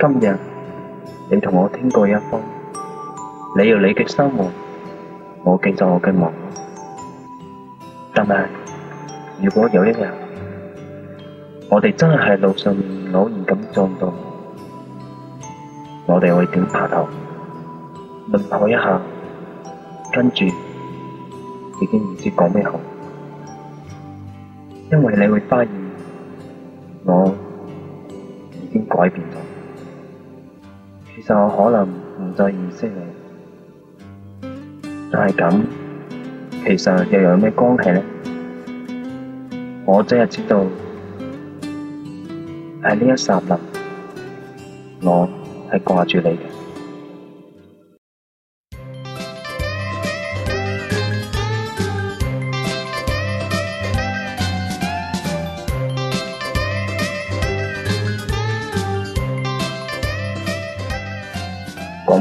今日你同我天各一方，你要你嘅生活，我繼續我嘅忙。但係如果有一日，我哋真係喺路上偶然咁撞到，我哋會點拍頭問候一下，跟住已經唔知講咩好，因為你會發現我已經改變咗。其實我可能不再認識你，但是這樣，其實又有什麼關係呢？我只係知道在呢一剎那，我是掛住你的